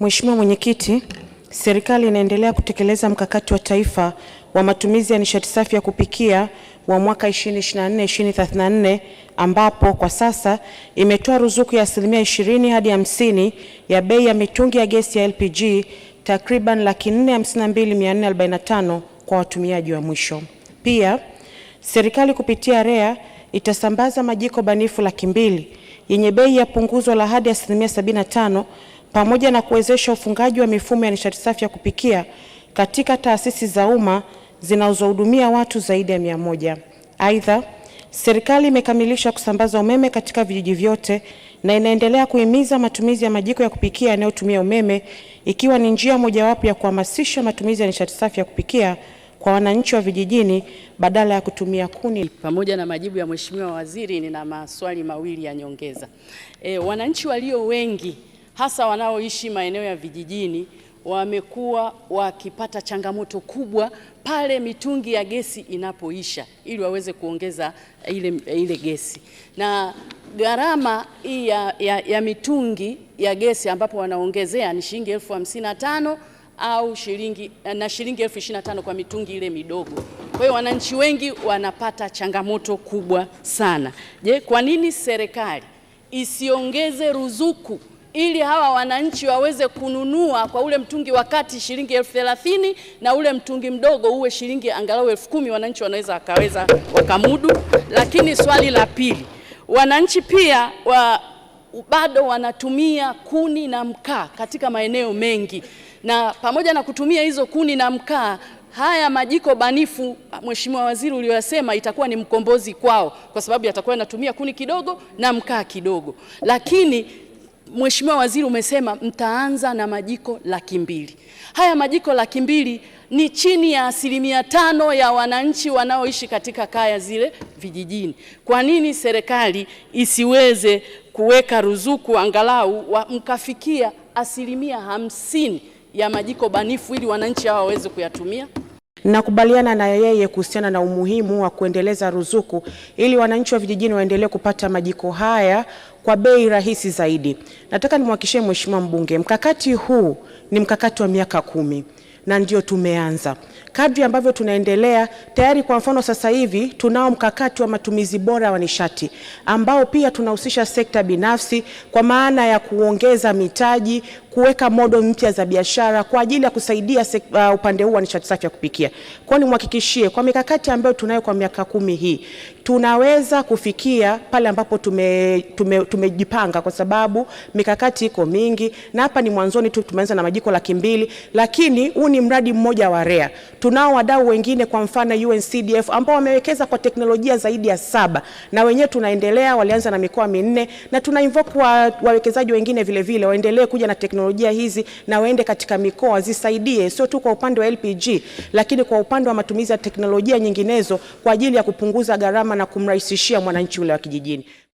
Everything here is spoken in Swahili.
Mheshimiwa Mwenyekiti, serikali inaendelea kutekeleza mkakati wa taifa wa matumizi ya nishati safi ya kupikia wa mwaka 2024-2034 ambapo kwa sasa imetoa ruzuku ya asilimia 20 hadi 50 ya bei ya mitungi ya gesi ya LPG takriban laki 452,445 kwa watumiaji wa mwisho. Pia serikali kupitia REA itasambaza majiko banifu laki mbili yenye bei ya punguzo la hadi asilimia 75 pamoja na kuwezesha ufungaji wa mifumo ya nishati safi ya kupikia katika taasisi za umma zinazohudumia watu zaidi ya mia moja. Aidha, serikali imekamilisha kusambaza umeme katika vijiji vyote na inaendelea kuhimiza matumizi ya majiko ya kupikia yanayotumia umeme ikiwa ni njia mojawapo ya kuhamasisha matumizi ya nishati safi ya kupikia kwa wananchi wa vijijini badala ya kutumia kuni. Pamoja na majibu ya Mheshimiwa Waziri, nina maswali mawili ya nyongeza. E, wananchi walio wengi hasa wanaoishi maeneo ya vijijini wamekuwa wakipata changamoto kubwa pale mitungi ya gesi inapoisha, ili waweze kuongeza ile, ile gesi na gharama hii ya, ya, ya mitungi ya gesi ambapo wanaongezea ni shilingi elfu hamsini na tano au shilingi na shilingi elfu ishirini na tano kwa mitungi ile midogo. Kwa hiyo wananchi wengi wanapata changamoto kubwa sana. Je, kwa nini serikali isiongeze ruzuku ili hawa wananchi waweze kununua kwa ule mtungi wa kati shilingi elfu thelathini na ule mtungi mdogo uwe shilingi angalau elfu kumi wananchi wanaweza wakaweza wakamudu. Lakini swali la pili, wananchi pia wa bado wanatumia kuni na mkaa katika maeneo mengi, na pamoja na kutumia hizo kuni na mkaa haya majiko banifu, Mheshimiwa Waziri, uliyosema itakuwa ni mkombozi kwao, kwa sababu yatakuwa yanatumia kuni kidogo na mkaa kidogo, lakini Mheshimiwa Waziri, umesema mtaanza na majiko laki mbili. Haya majiko laki mbili ni chini ya asilimia tano ya wananchi wanaoishi katika kaya zile vijijini. Kwa nini serikali isiweze kuweka ruzuku angalau wa mkafikia asilimia hamsini ya majiko banifu ili wananchi hawa waweze kuyatumia? Nakubaliana na yeye kuhusiana na umuhimu wa kuendeleza ruzuku ili wananchi wa vijijini waendelee kupata majiko haya kwa bei rahisi zaidi. Nataka nimhakikishie Mheshimiwa Mbunge, mkakati huu ni mkakati wa miaka kumi na ndio tumeanza. Kadri ambavyo tunaendelea tayari, kwa mfano sasa hivi tunao mkakati wa matumizi bora wa nishati ambao pia tunahusisha sekta binafsi kwa maana ya kuongeza mitaji, kuweka modo mpya za biashara kwa ajili ya kusaidia se, uh, upande huu wa nishati safi ya kupikia. Kwa mhakikishie kwa mikakati ambayo tunayo kwa miaka kumi hii tunaweza kufikia pale ambapo tume, tume, tumejipanga kwa sababu mikakati iko mingi, na hapa ni mwanzoni tu, tumeanza na majiko laki mbili, lakini huu ni mradi mmoja wa REA. Tunao wadau wengine, kwa mfano UNCDF ambao wamewekeza kwa teknolojia zaidi ya saba, na wenyewe tunaendelea, walianza na mikoa minne, na tuna invoke wa, wawekezaji wengine vile vile waendelee kuja na teknolojia teknolojia hizi na waende katika mikoa zisaidie, sio tu kwa upande wa LPG, lakini kwa upande wa matumizi ya teknolojia nyinginezo kwa ajili ya kupunguza gharama na kumrahisishia mwananchi ule wa kijijini.